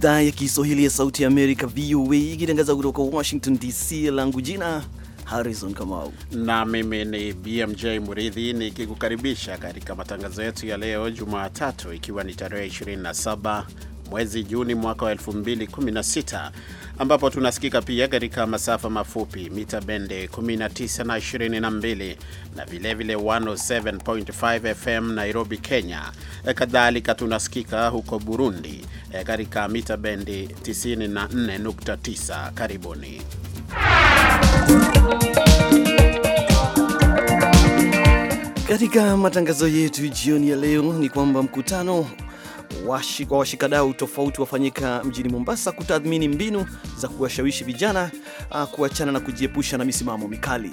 idhaa ya Kiswahili ya Sauti ya Amerika, VOA, ikitangaza kutoka Washington DC. Langu jina Harrison Kamau na mimi ni BMJ Muridhi nikikukaribisha katika matangazo yetu ya leo Jumatatu, ikiwa ni tarehe 27 mwezi Juni mwaka wa 2016 ambapo tunasikika pia katika masafa mafupi mita bende 19 na 22 na vilevile 107.5 FM Nairobi, Kenya. E, kadhalika tunasikika huko Burundi e, katika mita bendi 94.9. Karibuni. Katika matangazo yetu jioni ya leo ni kwamba mkutano kwa washikadau tofauti wafanyika mjini Mombasa kutathmini mbinu za kuwashawishi vijana ah, kuachana na kujiepusha na misimamo mikali.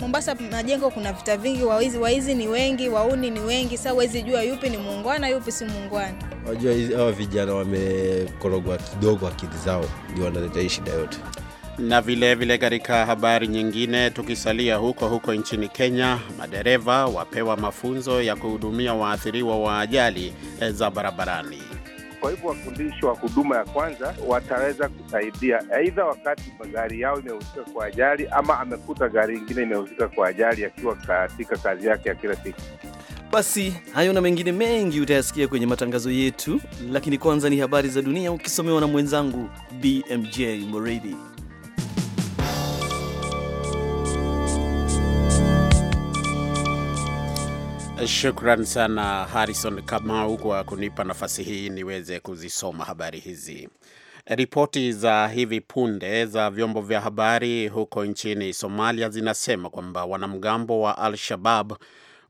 Mombasa majengo kuna vita vingi, waizi waizi ni wengi, wauni ni wengi. Sasa huwezi jua yupi ni muungwana yupi si muungwana. Wajua hawa vijana wamekorogwa kidogo akili zao, ndio wanaleta hii shida yote. Na vilevile katika habari nyingine, tukisalia huko huko nchini Kenya, madereva wapewa mafunzo ya kuhudumia waathiriwa wa ajali eh, za barabarani. Kwa hivyo wafundishi wa huduma ya kwanza wataweza kusaidia aidha wakati magari yao imehusika kwa ajali ama amekuta gari ingine imehusika kwa ajali akiwa katika kazi yake ya kila siku. Basi hayo na mengine mengi utayasikia kwenye matangazo yetu, lakini kwanza ni habari za dunia ukisomewa na mwenzangu BMJ Moredi. Shukran sana Harrison Kamau kwa kunipa nafasi hii niweze kuzisoma habari hizi. Ripoti za hivi punde za vyombo vya habari huko nchini Somalia zinasema kwamba wanamgambo wa Al-Shabab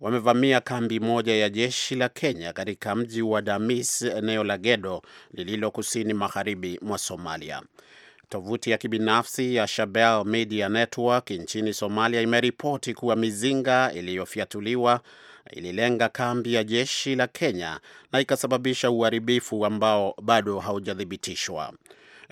wamevamia kambi moja ya jeshi la Kenya katika mji wa Damis, eneo la Gedo lililo kusini magharibi mwa Somalia. Tovuti ya kibinafsi ya Shabelle Media Network nchini Somalia imeripoti kuwa mizinga iliyofyatuliwa ililenga kambi ya jeshi la Kenya na ikasababisha uharibifu ambao bado haujathibitishwa.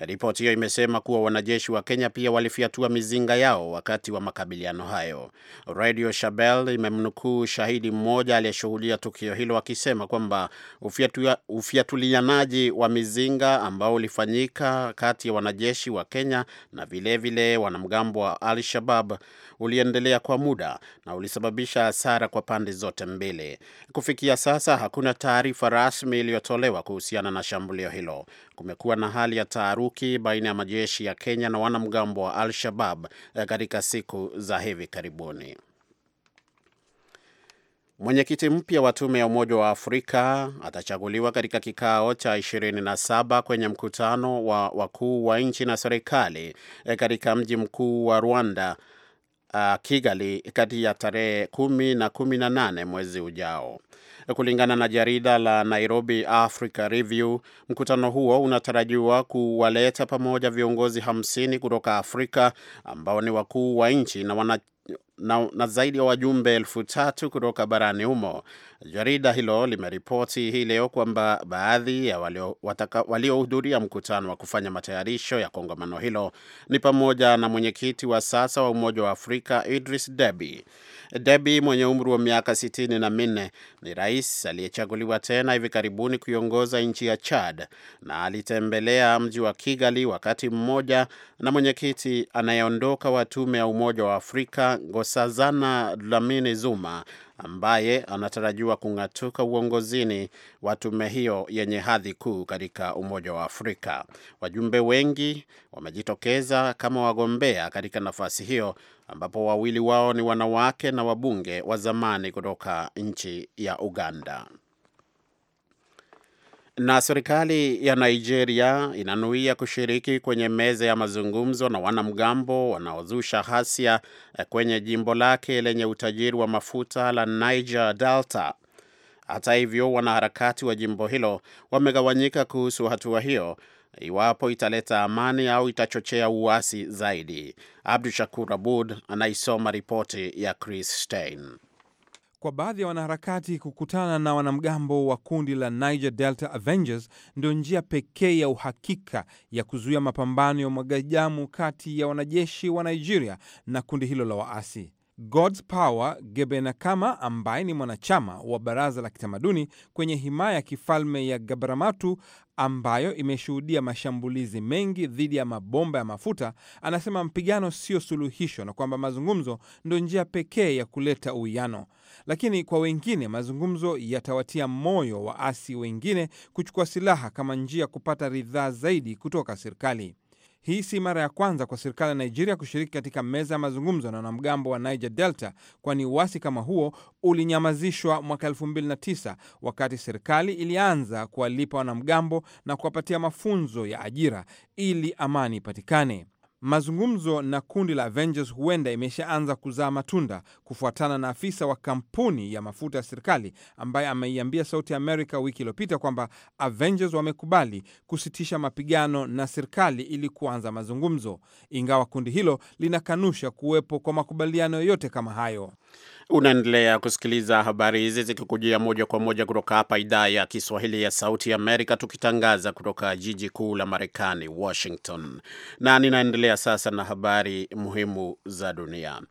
Ripoti hiyo imesema kuwa wanajeshi wa Kenya pia walifyatua mizinga yao wakati wa makabiliano hayo. Radio Shabelle imemnukuu shahidi mmoja aliyeshuhudia tukio hilo akisema kwamba ufyatulianaji wa mizinga ambao ulifanyika kati ya wanajeshi wa Kenya na vilevile wanamgambo wa Al Shabab uliendelea kwa muda na ulisababisha hasara kwa pande zote mbili. Kufikia sasa hakuna taarifa rasmi iliyotolewa kuhusiana na shambulio hilo. Kumekuwa na hali ya taaruf taharuki baina ya majeshi ya Kenya na wanamgambo wa Al-Shabab eh, katika siku za hivi karibuni. Mwenyekiti mpya wa tume ya Umoja wa Afrika atachaguliwa katika kikao cha 27 kwenye mkutano wa wakuu wa nchi na serikali eh, katika mji mkuu wa Rwanda, ah, Kigali, kati ya tarehe 10 na 18 mwezi ujao. Kulingana na jarida la Nairobi Africa Review, mkutano huo unatarajiwa kuwaleta pamoja viongozi hamsini kutoka Afrika ambao ni wakuu wa nchi na wana na, na zaidi ya wajumbe elfu tatu kutoka barani humo. Jarida hilo limeripoti hii leo kwamba baadhi ya waliohudhuria walio mkutano wa kufanya matayarisho ya kongamano hilo ni pamoja na mwenyekiti wa sasa wa Umoja wa Afrika Idris Deby. Deby mwenye umri wa miaka sitini na minne ni rais aliyechaguliwa tena hivi karibuni kuiongoza nchi ya Chad na alitembelea mji wa Kigali wakati mmoja na mwenyekiti anayeondoka wa tume ya Umoja wa Afrika Sazana Dlamini Zuma ambaye anatarajiwa kung'atuka uongozini wa tume hiyo yenye hadhi kuu katika Umoja wa Afrika. Wajumbe wengi wamejitokeza kama wagombea katika nafasi hiyo, ambapo wawili wao ni wanawake na wabunge wa zamani kutoka nchi ya Uganda. Na serikali ya Nigeria inanuia kushiriki kwenye meza ya mazungumzo na wanamgambo wanaozusha hasia eh, kwenye jimbo lake lenye utajiri wa mafuta la Niger Delta. Hata hivyo, wanaharakati wa jimbo hilo wamegawanyika kuhusu hatua hiyo, iwapo italeta amani au itachochea uasi zaidi. Abdu Shakur Abud anaisoma ripoti ya Chris Stein kwa baadhi ya wanaharakati kukutana na wanamgambo wa kundi la Niger Delta Avengers ndio njia pekee ya uhakika ya kuzuia mapambano ya umwagaji damu kati ya wanajeshi wa Nigeria na kundi hilo la waasi. God's Power Gebenakama ambaye ni mwanachama wa baraza la kitamaduni kwenye himaya ya kifalme ya gabramatu ambayo imeshuhudia mashambulizi mengi dhidi ya mabomba ya mafuta, anasema mpigano sio suluhisho na kwamba mazungumzo ndio njia pekee ya kuleta uwiano. Lakini kwa wengine mazungumzo yatawatia moyo waasi wengine kuchukua silaha kama njia ya kupata ridhaa zaidi kutoka serikali. Hii si mara ya kwanza kwa serikali ya Nigeria kushiriki katika meza ya mazungumzo na wanamgambo wa Niger Delta, kwani uasi kama huo ulinyamazishwa mwaka 2009 wakati serikali ilianza kuwalipa wanamgambo na kuwapatia mafunzo ya ajira ili amani ipatikane. Mazungumzo na kundi la Avengers huenda imeshaanza kuzaa matunda, kufuatana na afisa wa kampuni ya mafuta ya serikali ambaye ameiambia Sauti america wiki iliyopita kwamba Avengers wamekubali kusitisha mapigano na serikali ili kuanza mazungumzo, ingawa kundi hilo linakanusha kuwepo kwa makubaliano yoyote kama hayo. Unaendelea kusikiliza habari hizi zikikujia moja kwa moja kutoka hapa idhaa ya Kiswahili ya Sauti ya Amerika, tukitangaza kutoka jiji kuu la Marekani, Washington, na ninaendelea sasa na habari muhimu za dunia.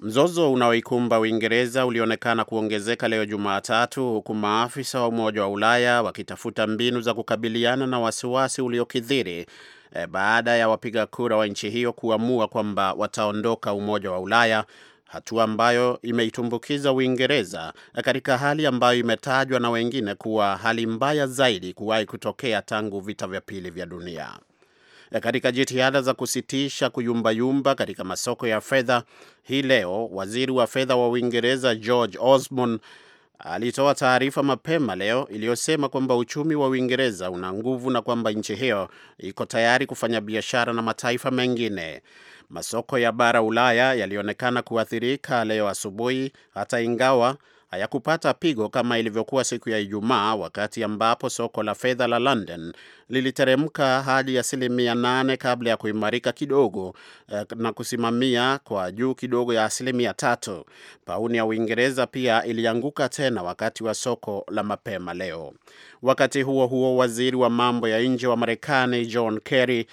Mzozo unaoikumba Uingereza ulionekana kuongezeka leo Jumatatu, huku maafisa wa Umoja wa Ulaya wakitafuta mbinu za kukabiliana na wasiwasi uliokithiri eh, baada ya wapiga kura wa nchi hiyo kuamua kwamba wataondoka Umoja wa Ulaya hatua ambayo imeitumbukiza Uingereza katika hali ambayo imetajwa na wengine kuwa hali mbaya zaidi kuwahi kutokea tangu vita vya pili vya dunia. E, katika jitihada za kusitisha kuyumbayumba katika masoko ya fedha, hii leo waziri wa fedha wa Uingereza George Osborne alitoa taarifa mapema leo iliyosema kwamba uchumi wa Uingereza una nguvu na kwamba nchi hiyo iko tayari kufanya biashara na mataifa mengine. Masoko ya bara Ulaya yalionekana kuathirika leo asubuhi, hata ingawa hayakupata pigo kama ilivyokuwa siku ya Ijumaa, wakati ambapo soko la fedha la London liliteremka hadi asilimia nane kabla ya kuimarika kidogo eh, na kusimamia kwa juu kidogo ya asilimia tatu. Pauni ya Uingereza pia ilianguka tena wakati wa soko la mapema leo. Wakati huo huo, waziri wa mambo ya nje wa Marekani John Kerry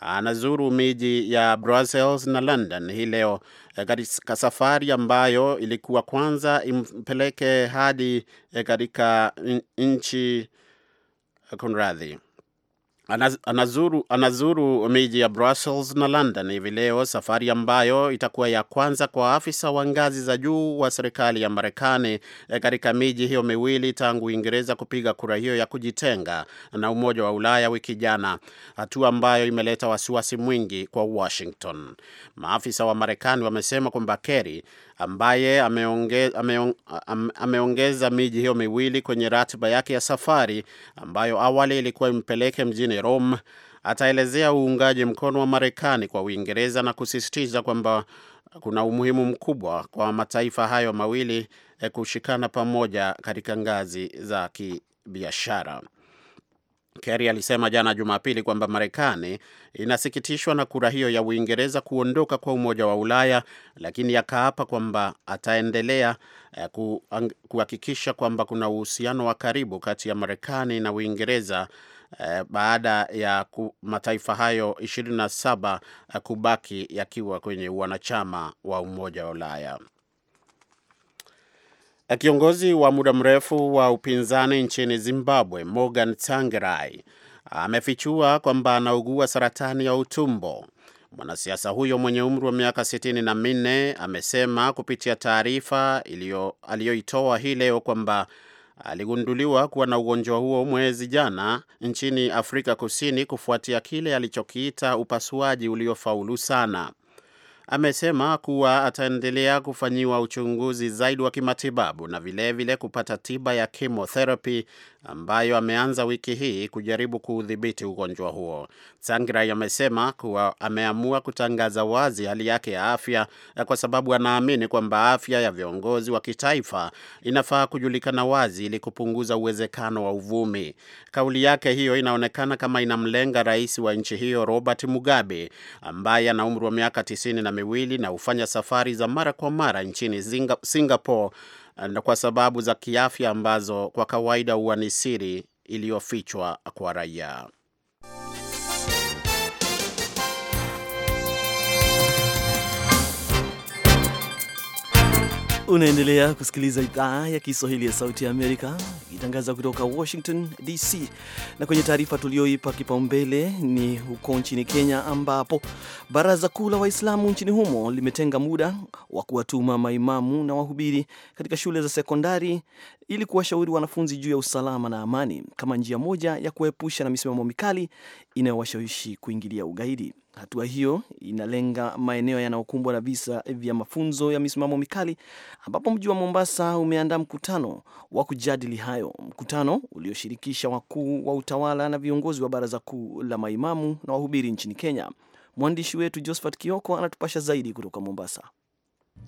anazuru miji ya Brussels na London hii leo eh, katika safari ambayo ilikuwa kwanza impeleke hadi eh, katika nchi eh, kunradhi anazuru, anazuru miji ya Brussels na London hivi leo, safari ambayo itakuwa ya kwanza kwa afisa wa ngazi za juu wa serikali ya Marekani e, katika miji hiyo miwili tangu Uingereza kupiga kura hiyo ya kujitenga na Umoja wa Ulaya wiki jana, hatua ambayo imeleta wasiwasi mwingi kwa Washington. Maafisa wa Marekani wamesema kwamba Kerry ambaye ameonge, ameong, am, ameongeza miji hiyo miwili kwenye ratiba yake ya safari ambayo awali ilikuwa impeleke mjini Rome, ataelezea uungaji mkono wa Marekani kwa Uingereza na kusisitiza kwamba kuna umuhimu mkubwa kwa mataifa hayo mawili eh, kushikana pamoja katika ngazi za kibiashara. Kerry alisema jana Jumapili kwamba Marekani inasikitishwa na kura hiyo ya Uingereza kuondoka kwa Umoja wa Ulaya, lakini akaapa kwamba ataendelea eh, kuhakikisha kwamba kuna uhusiano wa karibu kati ya Marekani na Uingereza eh, baada ya mataifa hayo 27 eh, kubaki yakiwa kwenye wanachama wa Umoja wa Ulaya. Kiongozi wa muda mrefu wa upinzani nchini Zimbabwe, Morgan Tsvangirai amefichua kwamba anaugua saratani ya utumbo. Mwanasiasa huyo mwenye umri wa miaka sitini na minne amesema kupitia taarifa aliyoitoa hii leo kwamba aligunduliwa kuwa na ugonjwa huo mwezi jana nchini Afrika Kusini kufuatia kile alichokiita upasuaji uliofaulu sana amesema kuwa ataendelea kufanyiwa uchunguzi zaidi wa kimatibabu na vilevile vile kupata tiba ya chemotherapy ambayo ameanza wiki hii kujaribu kuudhibiti ugonjwa huo. Tsvangirai amesema kuwa ameamua kutangaza wazi hali yake ya afya eh, kwa sababu anaamini kwamba afya ya viongozi wa kitaifa inafaa kujulikana wazi ili kupunguza uwezekano wa uvumi. Kauli yake hiyo inaonekana kama inamlenga rais wa nchi hiyo Robert Mugabe ambaye ana umri wa miaka tisini na miwili na hufanya safari za mara kwa mara nchini Singapore eh, na kwa sababu za kiafya ambazo kwa kawaida huwa ni siri iliyofichwa kwa raia. Unaendelea kusikiliza idhaa ya Kiswahili ya Sauti ya Amerika ikitangaza kutoka Washington DC. Na kwenye taarifa tuliyoipa kipaumbele ni huko nchini Kenya, ambapo Baraza Kuu la Waislamu nchini humo limetenga muda wa kuwatuma maimamu na wahubiri katika shule za sekondari ili kuwashauri wanafunzi juu ya usalama na amani kama njia moja ya kuepusha na misimamo mikali inayowashawishi kuingilia ugaidi. Hatua hiyo inalenga maeneo yanayokumbwa na visa vya mafunzo ya misimamo mikali, ambapo mji wa Mombasa umeandaa mkutano wa kujadili hayo, mkutano ulioshirikisha wakuu wa utawala na viongozi wa baraza kuu la maimamu na wahubiri nchini Kenya. Mwandishi wetu Josephat Kioko anatupasha zaidi kutoka Mombasa.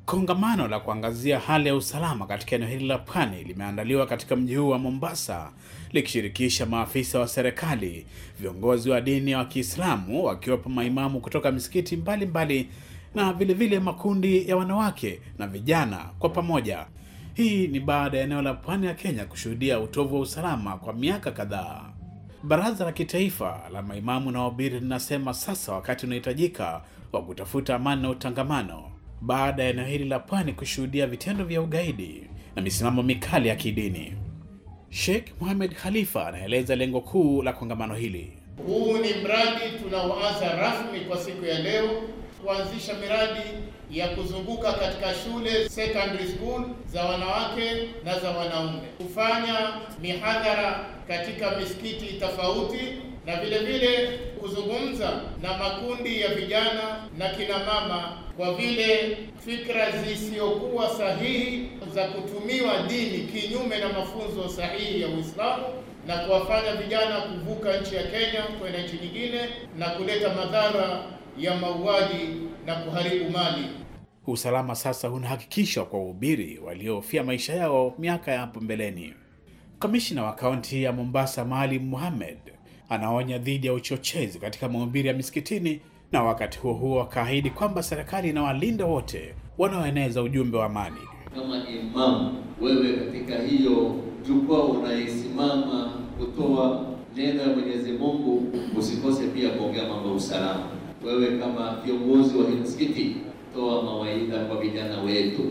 Kongamano la kuangazia hali ya usalama katika eneo hili la pwani limeandaliwa katika mji huu wa Mombasa likishirikisha maafisa wa serikali, viongozi wa dini ya Kiislamu wakiwepo maimamu kutoka misikiti mbalimbali mbali, na vilevile vile makundi ya wanawake na vijana kwa pamoja. Hii ni baada ya eneo la pwani ya Kenya kushuhudia utovu wa usalama kwa miaka kadhaa. Baraza la Kitaifa la Maimamu na Wahubiri linasema sasa wakati unahitajika wa kutafuta amani na utangamano baada ya eneo hili la pwani kushuhudia vitendo vya ugaidi na misimamo mikali ya kidini. Sheikh Mohamed Khalifa anaeleza lengo kuu la kongamano hili. Huu ni mradi tunaoanza rasmi kwa siku ya leo, kuanzisha miradi ya kuzunguka katika shule secondary school za wanawake na za wanaume, kufanya mihadhara katika misikiti tofauti na vile vile kuzungumza na makundi ya vijana na kina mama, kwa vile fikra zisizokuwa sahihi za kutumiwa dini kinyume na mafunzo sahihi ya Uislamu na kuwafanya vijana kuvuka nchi ya Kenya kwenda nchi nyingine na kuleta madhara ya mauaji na kuharibu mali. Usalama sasa unahakikishwa kwa wahubiri waliohofia maisha yao miaka ya hapo mbeleni. Kamishina wa kaunti ya Mombasa Maalim Mohamed anaonya dhidi ya uchochezi katika mahubiri ya misikitini na wakati huo huo akaahidi kwamba serikali inawalinda wote wanaoeneza ujumbe wa amani. Kama imamu, wewe katika hiyo jukwaa unaisimama kutoa neno ya Mwenyezi Mungu, usikose pia kuongea mambo ya usalama. Wewe kama kiongozi wa msikiti, toa mawaidha kwa vijana wetu.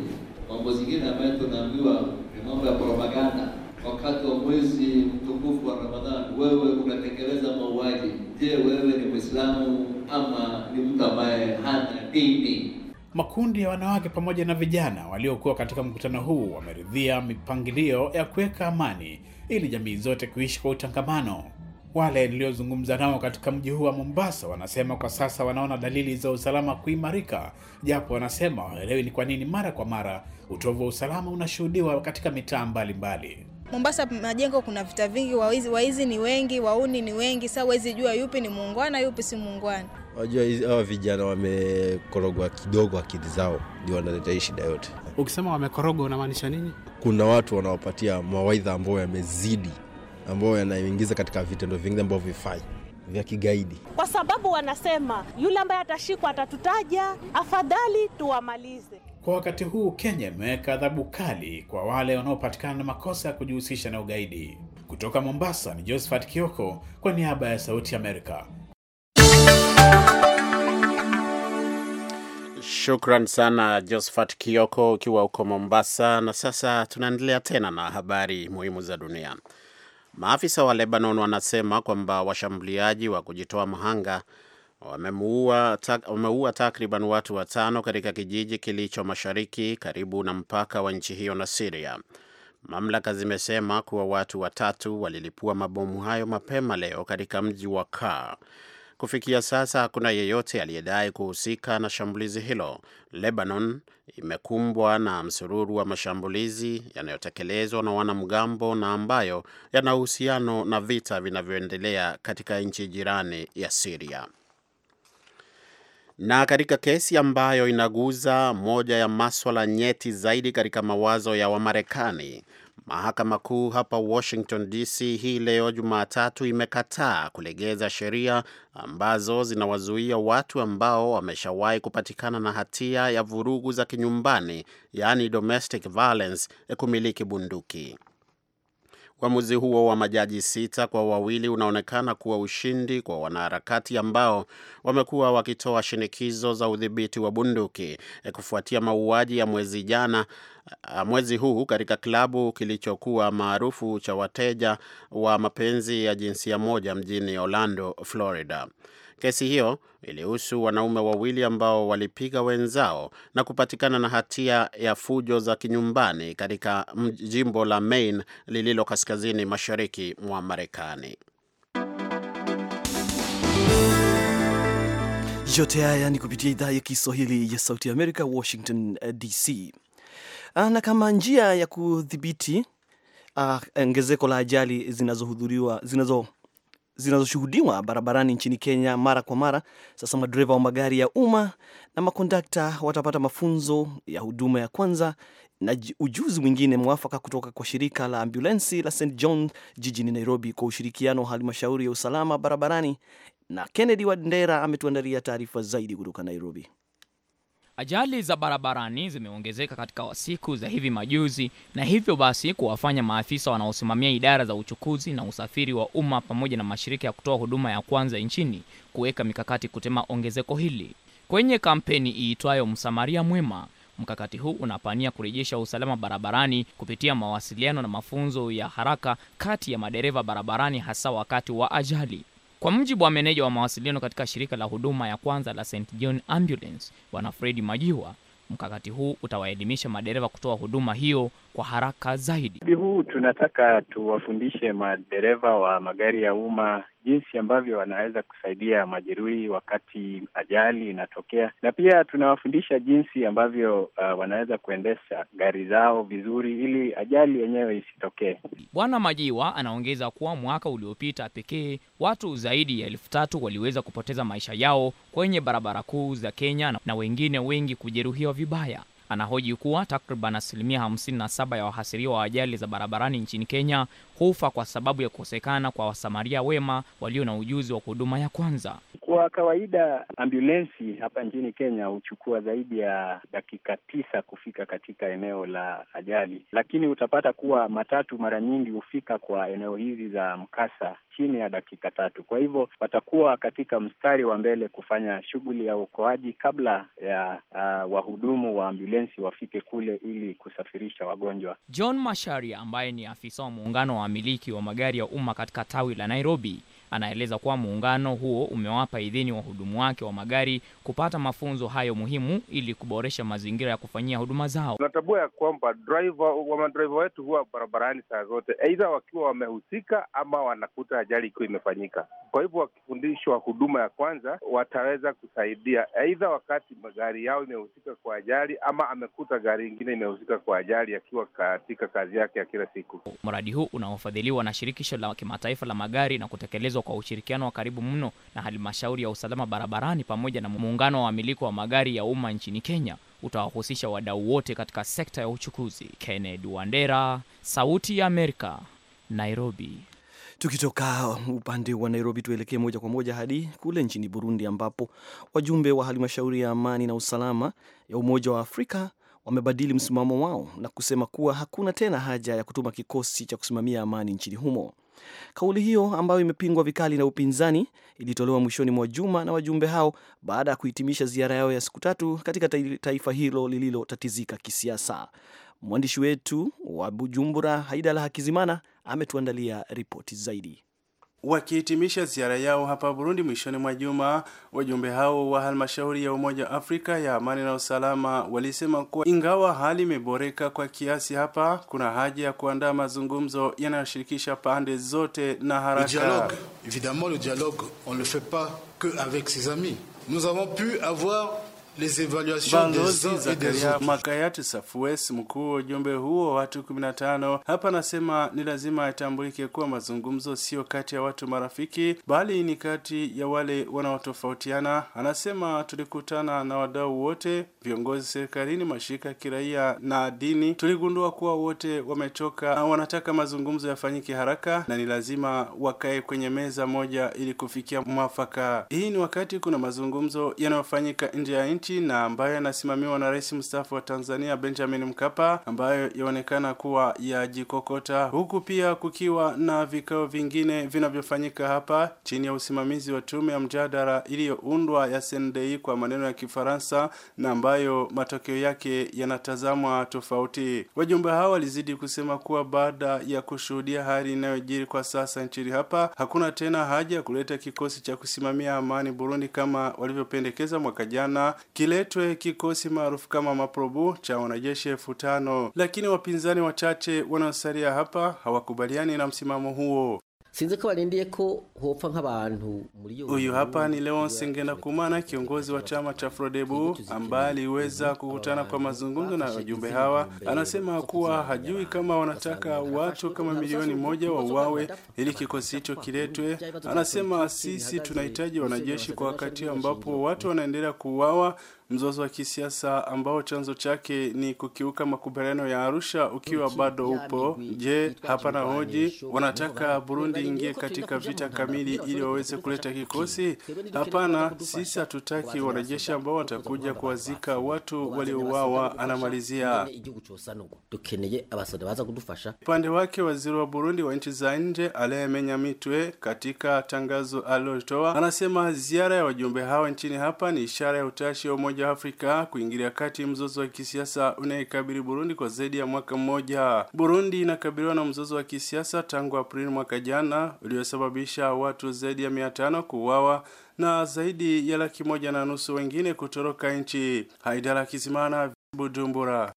Mambo zingine ambayo tunaambiwa ni mambo ya propaganda wakati wa mwezi mtukufu wa wewe unatekeleza mauaji, je, wewe ni Mwislamu ama ni mtu ambaye hana dini? Makundi ya wanawake pamoja na vijana waliokuwa katika mkutano huu wameridhia mipangilio ya kuweka amani ili jamii zote kuishi kwa utangamano. Wale niliozungumza nao katika mji huu wa Mombasa wanasema kwa sasa wanaona dalili za usalama kuimarika, japo wanasema hawaelewi ni kwa nini mara kwa mara utovu wa usalama unashuhudiwa katika mitaa mbalimbali. Mombasa majengo kuna vita vingi, waizi, waizi ni wengi, wauni ni wengi. Sasa wezi jua yupi ni muungwana yupi si muungwana. Wajua hawa vijana wamekorogwa kidogo akili zao, ndio wanaleta hii shida yote. Ukisema wamekorogwa unamaanisha nini? Kuna watu wanawapatia mawaidha ambayo yamezidi, ambayo yanaingiza katika vitendo vingine ambavyo vifai vya kigaidi, kwa sababu wanasema yule ambaye atashikwa atatutaja, afadhali tuwamalize. Kwa wakati huu Kenya imeweka adhabu kali kwa wale wanaopatikana na makosa ya kujihusisha na ugaidi. Kutoka Mombasa ni Josephat Kioko kwa niaba ya Sauti Amerika. Shukran sana Josephat Kioko ukiwa huko Mombasa. Na sasa tunaendelea tena na habari muhimu za dunia. Maafisa wa Lebanon wanasema kwamba washambuliaji wa kujitoa mhanga wameua tak, takriban watu watano katika kijiji kilicho mashariki karibu na mpaka wa nchi hiyo na Siria. Mamlaka zimesema kuwa watu watatu walilipua mabomu hayo mapema leo katika mji wa Ka. Kufikia sasa hakuna yeyote aliyedai kuhusika na shambulizi hilo. Lebanon imekumbwa na msururu wa mashambulizi yanayotekelezwa na wanamgambo na ambayo yana uhusiano na vita vinavyoendelea katika nchi jirani ya Siria. Na katika kesi ambayo inaguza moja ya maswala nyeti zaidi katika mawazo ya Wamarekani, mahakama kuu hapa Washington DC hii leo Jumatatu imekataa kulegeza sheria ambazo zinawazuia watu ambao wameshawahi kupatikana na hatia ya vurugu za kinyumbani, yaani domestic violence, kumiliki bunduki. Uamuzi huo wa majaji sita kwa wawili unaonekana kuwa ushindi kwa wanaharakati ambao wamekuwa wakitoa shinikizo za udhibiti wa bunduki e, kufuatia mauaji ya mwezi jana mwezi huu katika klabu kilichokuwa maarufu cha wateja wa mapenzi ya jinsia moja mjini Orlando, Florida. Kesi hiyo ilihusu wanaume wawili ambao walipiga wenzao na kupatikana na hatia ya fujo za kinyumbani katika jimbo la Maine lililo kaskazini mashariki mwa Marekani. Yote haya ni kupitia idhaa ya Kiswahili ya Sauti ya Amerika, Washington eh, DC. Ah, na kama njia ya kudhibiti ah, ongezeko uh, la ajali zinazohudhuriwa zinazo zinazoshuhudiwa barabarani nchini Kenya mara kwa mara. Sasa madereva wa magari ya umma na makondakta watapata mafunzo ya huduma ya kwanza na ujuzi mwingine mwafaka kutoka kwa shirika la ambulensi la St John jijini Nairobi kwa ushirikiano wa halmashauri ya usalama barabarani. Na Kennedy Wandera ametuandalia taarifa zaidi kutoka Nairobi. Ajali za barabarani zimeongezeka katika siku za hivi majuzi na hivyo basi kuwafanya maafisa wanaosimamia idara za uchukuzi na usafiri wa umma pamoja na mashirika ya kutoa huduma ya kwanza nchini kuweka mikakati kutema ongezeko hili. Kwenye kampeni iitwayo Msamaria Mwema, mkakati huu unapania kurejesha usalama barabarani kupitia mawasiliano na mafunzo ya haraka kati ya madereva barabarani hasa wakati wa ajali. Kwa mjibu wa meneja wa mawasiliano katika shirika la huduma ya kwanza la St John Ambulance, Bwana Fredi Majiwa, mkakati huu utawaelimisha madereva kutoa huduma hiyo kwa haraka zaidi. Huu tunataka tuwafundishe madereva wa magari ya umma jinsi ambavyo wanaweza kusaidia majeruhi wakati ajali inatokea, na pia tunawafundisha jinsi ambavyo uh, wanaweza kuendesha gari zao vizuri ili ajali yenyewe isitokee. Bwana Majiwa anaongeza kuwa mwaka uliopita pekee watu zaidi ya elfu tatu waliweza kupoteza maisha yao kwenye barabara kuu za Kenya na wengine wengi kujeruhiwa vibaya anahoji kuwa takriban asilimia 57 ya wahasiriwa wa ajali za barabarani nchini Kenya hufa kwa sababu ya kukosekana kwa wasamaria wema walio na ujuzi wa huduma ya kwanza. Kwa kawaida ambulensi hapa nchini Kenya huchukua zaidi ya dakika tisa kufika katika eneo la ajali, lakini utapata kuwa matatu mara nyingi hufika kwa eneo hizi za mkasa chini ya dakika tatu. Kwa hivyo watakuwa katika mstari wa mbele kufanya shughuli ya uokoaji kabla ya uh, wahudumu wa ambulensi wafike kule ili kusafirisha wagonjwa. John Masharia ambaye ni afisa wa muungano wa wamiliki wa magari ya umma katika tawi la Nairobi Anaeleza kuwa muungano huo umewapa idhini wahudumu wake wa magari kupata mafunzo hayo muhimu ili kuboresha mazingira ya kufanyia huduma zao. Tunatambua ya kwamba madriva wetu huwa barabarani saa zote, aidha wakiwa wamehusika ama wanakuta ajali ikiwa imefanyika. Kwa hivyo wakifundishwa huduma ya kwanza wataweza kusaidia, aidha wakati magari yao imehusika kwa ajali ama amekuta gari ingine imehusika kwa ajali akiwa katika kazi yake ya kila siku. Mradi huu unaofadhiliwa na shirikisho la kimataifa la magari na kutekelezwa yanatekelezwa kwa ushirikiano wa karibu mno na halmashauri ya usalama barabarani pamoja na muungano wa wamiliki wa magari ya umma nchini Kenya utawahusisha wadau wote katika sekta ya uchukuzi. Kennedy Wandera, Sauti ya Amerika, Nairobi. Tukitoka upande wa Nairobi tuelekee moja kwa moja hadi kule nchini Burundi ambapo wajumbe wa halmashauri ya amani na usalama ya Umoja wa Afrika wamebadili msimamo wao na kusema kuwa hakuna tena haja ya kutuma kikosi cha kusimamia amani nchini humo. Kauli hiyo ambayo imepingwa vikali na upinzani ilitolewa mwishoni mwa juma na wajumbe hao baada ya kuhitimisha ziara yao ya siku tatu katika taifa hilo lililotatizika kisiasa. Mwandishi wetu wa Bujumbura, Haidala Hakizimana, ametuandalia ripoti zaidi. Wakihitimisha ziara yao hapa Burundi mwishoni mwa juma, wajumbe hao wa halmashauri ya Umoja wa Afrika ya amani na usalama walisema kuwa ingawa hali imeboreka kwa kiasi hapa, kuna haja ya kuandaa mazungumzo yanayoshirikisha pande zote na haraka. Le dialogue, évidemment le dialogue, on le fait pas que avec ses amis. Nous avons pu avoir Balozi Zakaria Makayati Safues, mkuu wa ujumbe huo watu 15, hapa anasema ni lazima itambulike kuwa mazungumzo sio kati ya watu marafiki, bali ni kati ya wale wanaotofautiana. Anasema tulikutana na wadau wote, viongozi serikalini, mashirika ya kiraia na dini. Tuligundua kuwa wote wamechoka na wanataka mazungumzo yafanyike haraka, na ni lazima wakae kwenye meza moja ili kufikia mwafaka. Hii ni wakati kuna mazungumzo yanayofanyika nje ya nchi nchi na ambayo yanasimamiwa na rais mstaafu wa Tanzania Benjamin Mkapa, ambayo yaonekana kuwa ya jikokota, huku pia kukiwa na vikao vingine vinavyofanyika hapa chini ya usimamizi wa tume ya mjadala iliyoundwa ya SNDI kwa maneno ya Kifaransa na ambayo matokeo yake yanatazamwa tofauti. Wajumbe hao walizidi kusema kuwa baada ya kushuhudia hali inayojiri kwa sasa nchini hapa, hakuna tena haja ya kuleta kikosi cha kusimamia amani Burundi kama walivyopendekeza mwaka jana kiletwe kikosi maarufu kama maprobu cha wanajeshi elfu tano lakini wapinzani wachache wanaosalia hapa hawakubaliani na msimamo huo Sinzi ko warindiye ko hopfa nk'abantu muri yo. Huyu hapa ni Leonce kumana kiongozi wa chama cha Frodebu ambaye aliweza kukutana kwa mazungumzo na wajumbe hawa. Anasema kuwa hajui kama wanataka watu kama milioni moja wauawe ili kikosi hicho kiletwe. Anasema sisi tunahitaji wanajeshi kwa wakati ambapo watu wanaendelea kuuawa mzozo wa kisiasa ambao chanzo chake ni kukiuka makubaliano ya Arusha ukiwa bado upo. Je, hapana hoji wanataka Burundi ingie katika vita kamili ili waweze kuleta kikosi? Hapana, sisi hatutaki wanajeshi ambao watakuja kuwazika watu waliouawa, anamalizia. Upande wake waziri wa Burundi wa nchi za nje Aliyemenya Mitwe katika tangazo alilotoa anasema ziara ya wajumbe hawa nchini hapa ni ishara ya utashi wa umoja Umoja wa Afrika kuingilia kati mzozo wa kisiasa unaikabili Burundi kwa zaidi ya mwaka mmoja. Burundi inakabiliwa na mzozo wa kisiasa tangu Aprili mwaka jana uliosababisha watu zaidi ya mia tano kuuawa na zaidi ya laki moja na nusu wengine kutoroka nchi. Haidara Kisimana, Bujumbura.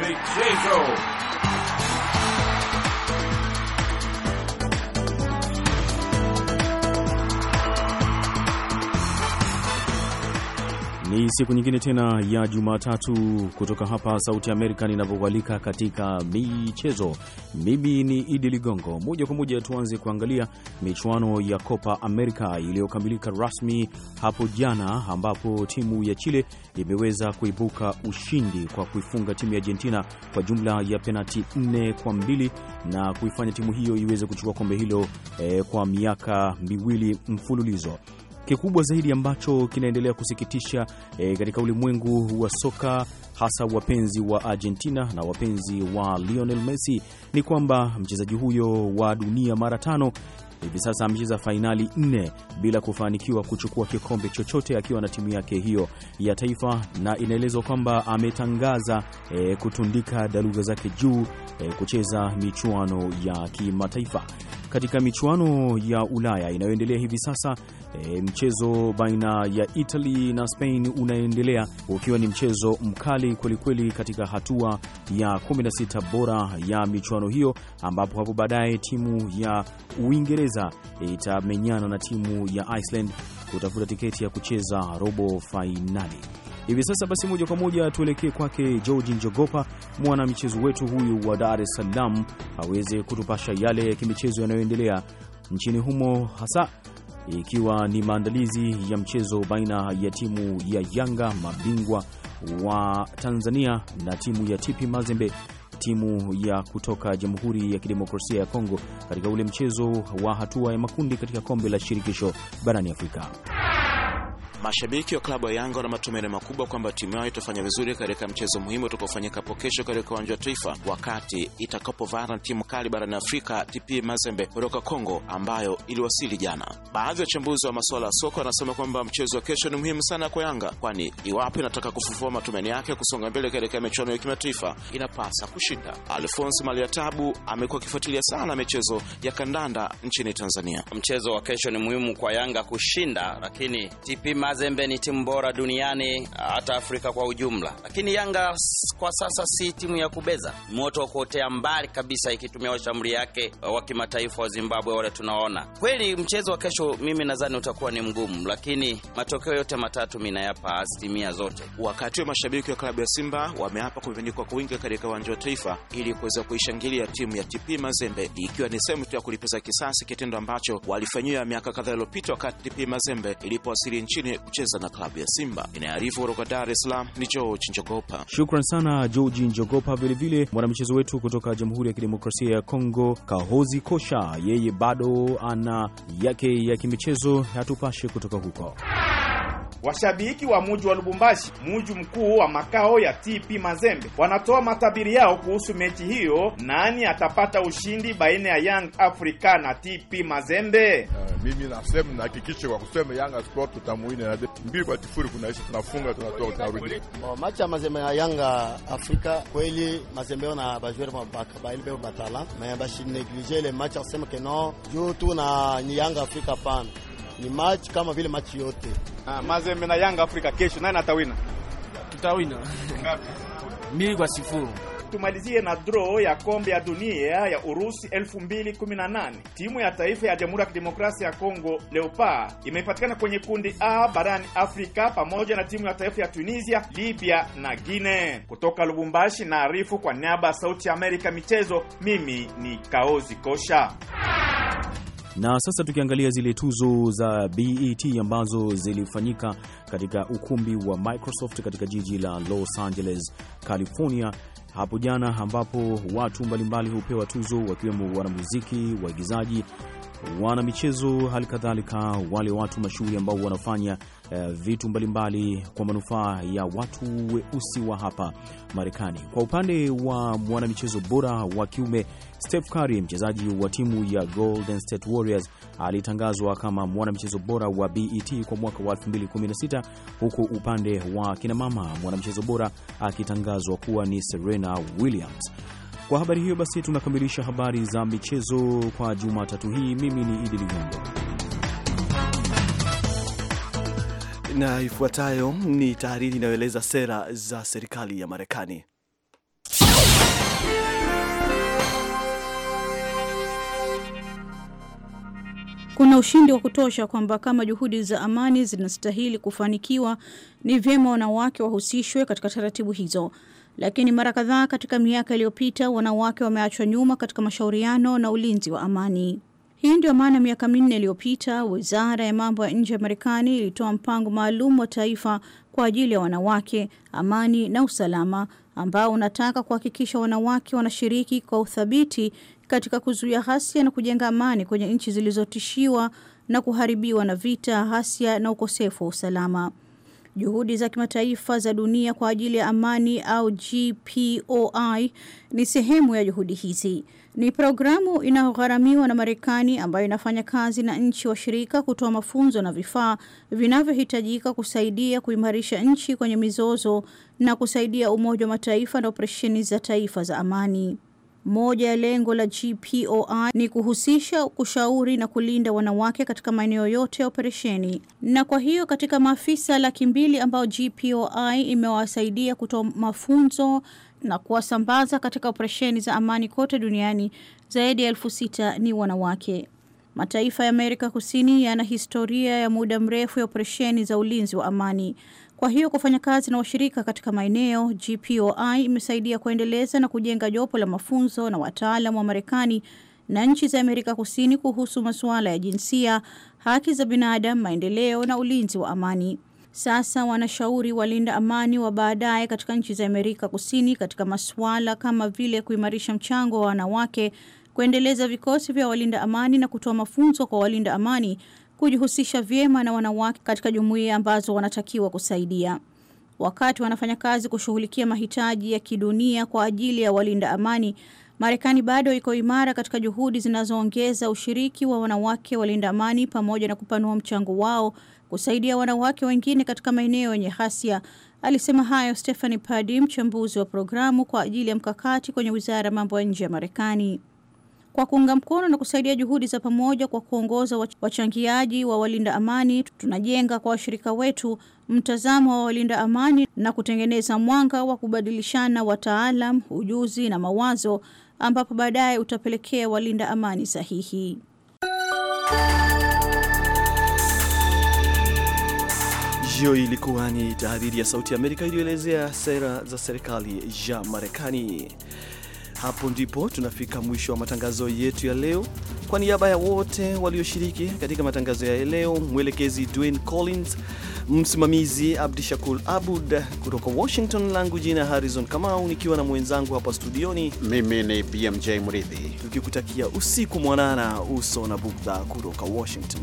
Michezo. Ni siku nyingine tena ya Jumatatu kutoka hapa Sauti ya Amerika ninavyokualika katika michezo. Mimi ni Idi Ligongo. Moja kwa moja tuanze kuangalia michuano ya Copa America iliyokamilika rasmi hapo jana, ambapo timu ya Chile imeweza kuibuka ushindi kwa kuifunga timu ya Argentina kwa jumla ya penati 4 kwa mbili na kuifanya timu hiyo iweze kuchukua kombe hilo eh, kwa miaka miwili mfululizo. Kikubwa zaidi ambacho kinaendelea kusikitisha e, katika ulimwengu wa soka hasa wapenzi wa Argentina na wapenzi wa Lionel Messi ni kwamba mchezaji huyo wa dunia mara tano hivi sasa amecheza fainali nne bila kufanikiwa kuchukua kikombe chochote akiwa na timu yake hiyo ya taifa, na inaelezwa kwamba ametangaza e, kutundika daruga zake juu e, kucheza michuano ya kimataifa katika michuano ya Ulaya inayoendelea hivi sasa. E, mchezo baina ya Italy na Spain unaendelea ukiwa ni mchezo mkali kwelikweli katika hatua ya 16 bora ya michuano hiyo, ambapo hapo baadaye timu ya Uingereza itamenyana na timu ya Iceland kutafuta tiketi ya kucheza robo fainali. Hivi sasa basi, moja kwa moja tuelekee kwake George Njogopa, michezo wetu huyu wa Dar es Salaam, aweze kutupasha yale ya kimichezo yanayoendelea nchini humo, hasa ikiwa ni maandalizi ya mchezo baina ya timu ya Yanga mabingwa wa Tanzania na timu ya TP Mazembe timu ya kutoka Jamhuri ya Kidemokrasia ya Kongo katika ule mchezo wa hatua ya makundi katika kombe la shirikisho barani Afrika. Mashabiki wa klabu ya Yanga wana matumaini makubwa kwamba timu yao itafanya vizuri katika mchezo muhimu utakaofanyika hapo kesho katika uwanja wa Taifa, wakati itakapovaana timu kali barani Afrika TP Mazembe kutoka Kongo ambayo iliwasili jana. Baadhi ya wachambuzi wa masuala ya soka wanasema kwamba mchezo wa kesho ni muhimu sana kwa Yanga, kwani iwapo inataka kufufua matumaini yake kusonga mbele katika michuano ya kimataifa inapasa kushinda. alfonsi Maliatabu amekuwa akifuatilia sana michezo ya kandanda nchini Tanzania. Mchezo wa kesho ni muhimu kwa Yanga kushinda, lakini TP Mazembe ni timu bora duniani uh, hata Afrika kwa ujumla, lakini Yanga kwa sasa si timu ya kubeza moto wa kuotea mbali kabisa, ikitumia washamuri yake wa kimataifa wa Zimbabwe wale tunaona. Kweli mchezo wa kesho mimi nadhani utakuwa ni mgumu, lakini matokeo yote matatu mimi nayapa asilimia zote. Wakati wa mashabiki wa klabu ya Simba wameapa kuvindikwa kwa wingi katika uwanja wa Taifa ili kuweza kuishangilia timu ya TP Mazembe, ikiwa ni sehemu tu ya kulipiza kisasi kitendo ambacho walifanyiwa miaka kadhaa iliyopita wakati TP Mazembe ilipowasili nchini kucheza na klabu ya Simba. Inayoarifu kutoka Dar es Salaam ni George Njogopa. Shukran sana George Njogopa. Vilevile mwanamchezo wetu kutoka Jamhuri ya Kidemokrasia ya Kongo, Kahozi Kosha, yeye bado ana yake ya kimichezo, hatupashe kutoka huko Washabiki wa muji wa Lubumbashi, muji mkuu wa makao ya TP Mazembe, wanatoa matabiri yao kuhusu mechi hiyo. Nani atapata ushindi baina ya Young Africa na TP Mazembe? Uh, mimi nasema na hakikisho kwa kusema Young Sport tutamuina na mbili kwa sifuri kunaisha, tunafunga tunatoa tunarudi. Macha Mazembe ya Young Africa kweli Mazembe na bajweri mabaka baile batala mais bashi negliger le match asema que non tu na ni young Africa pana ni match kama vile match yote. Ah, Mazembe na Yanga Afrika kesho nani atawina? Tutawina. Mbili kwa sifuru. Tumalizie na draw ya kombe ya dunia ya Urusi 2018. Timu ya taifa ya Jamhuri ya Kidemokrasia ya Kongo Leopard imepatikana kwenye kundi A barani Afrika pamoja na timu ya taifa ya Tunisia, Libya na Guinea. Kutoka Lubumbashi naarifu kwa niaba ya Sauti ya Amerika michezo, mimi ni Kaozi Kosha. Na sasa tukiangalia zile tuzo za BET ambazo zilifanyika katika ukumbi wa Microsoft katika jiji la Los Angeles, California hapo jana, ambapo watu mbalimbali hupewa tuzo wakiwemo wanamuziki, waigizaji, wana michezo, hali kadhalika wale watu mashuhuri ambao wanafanya uh, vitu mbalimbali kwa manufaa ya watu weusi wa hapa Marekani. Kwa upande wa mwanamichezo bora wa kiume Steph Curry, mchezaji wa timu ya Golden State Warriors, alitangazwa kama mwanamchezo bora wa BET kwa mwaka wa 2016, huku upande wa kinamama mwanamchezo bora akitangazwa kuwa ni Serena Williams. Kwa habari hiyo basi, tunakamilisha habari za michezo kwa Jumatatu hii. Mimi ni Idi Ligongo na ifuatayo ni tahariri inayoeleza sera za serikali ya Marekani. wana ushindi wa kutosha kwamba kama juhudi za amani zinastahili kufanikiwa, ni vyema wanawake wahusishwe katika taratibu hizo. Lakini mara kadhaa katika miaka iliyopita, wanawake wameachwa nyuma katika mashauriano na ulinzi wa amani. Hii ndio maana miaka minne iliyopita wizara ya mambo ya nje ya Marekani ilitoa mpango maalum wa taifa kwa ajili ya wanawake, amani na usalama, ambao unataka kuhakikisha wanawake wanashiriki kwa uthabiti katika kuzuia ghasia na kujenga amani kwenye nchi zilizotishiwa na kuharibiwa na vita, ghasia na ukosefu wa usalama. Juhudi za kimataifa za dunia kwa ajili ya amani au GPOI ni sehemu ya juhudi hizi. Ni programu inayogharamiwa na Marekani ambayo inafanya kazi na nchi washirika kutoa mafunzo na vifaa vinavyohitajika kusaidia kuimarisha nchi kwenye mizozo na kusaidia Umoja wa Mataifa na operesheni za taifa za amani. Moja ya lengo la GPOI ni kuhusisha, kushauri na kulinda wanawake katika maeneo yote ya operesheni. Na kwa hiyo katika maafisa laki mbili ambao GPOI imewasaidia kutoa mafunzo na kuwasambaza katika operesheni za amani kote duniani, zaidi ya elfu sita ni wanawake. Mataifa ya Amerika Kusini yana historia ya muda mrefu ya operesheni za ulinzi wa amani. Kwa hiyo kufanya kazi na washirika katika maeneo GPOI imesaidia kuendeleza na kujenga jopo la mafunzo na wataalam wa Marekani na nchi za Amerika Kusini kuhusu masuala ya jinsia, haki za binadamu, maendeleo na ulinzi wa amani. Sasa wanashauri walinda amani wa baadaye katika nchi za Amerika Kusini katika masuala kama vile kuimarisha mchango wa wanawake, kuendeleza vikosi vya walinda amani na kutoa mafunzo kwa walinda amani kujihusisha vyema na wanawake katika jumuiya ambazo wanatakiwa kusaidia wakati wanafanya kazi kushughulikia mahitaji ya kidunia kwa ajili ya walinda amani. Marekani bado iko imara katika juhudi zinazoongeza ushiriki wa wanawake walinda amani pamoja na kupanua mchango wao kusaidia wanawake wengine katika maeneo yenye ghasia. Alisema hayo Stephanie Paddy, mchambuzi wa programu kwa ajili ya mkakati kwenye wizara ya mambo ya nje ya Marekani. Kwa kuunga mkono na kusaidia juhudi za pamoja kwa kuongoza wachangiaji wa walinda amani, tunajenga kwa washirika wetu mtazamo wa walinda amani na kutengeneza mwanga wa kubadilishana wataalam, ujuzi na mawazo, ambapo baadaye utapelekea walinda amani sahihi. Hiyo ilikuwa ni tahariri ya Sauti ya Amerika iliyoelezea sera za serikali ya Marekani. Hapo ndipo tunafika mwisho wa matangazo yetu ya leo. Kwa niaba ya wote walioshiriki katika matangazo ya leo, mwelekezi Dwayne Collins, msimamizi Abdi Abud kutoka Washington, langu jina Harrison Kamau, nikiwa na mwenzangu hapa studioni, mimi ni BMJ Mridhi, tukikutakia usiku mwanana, uso na bugdha kutoka Washington.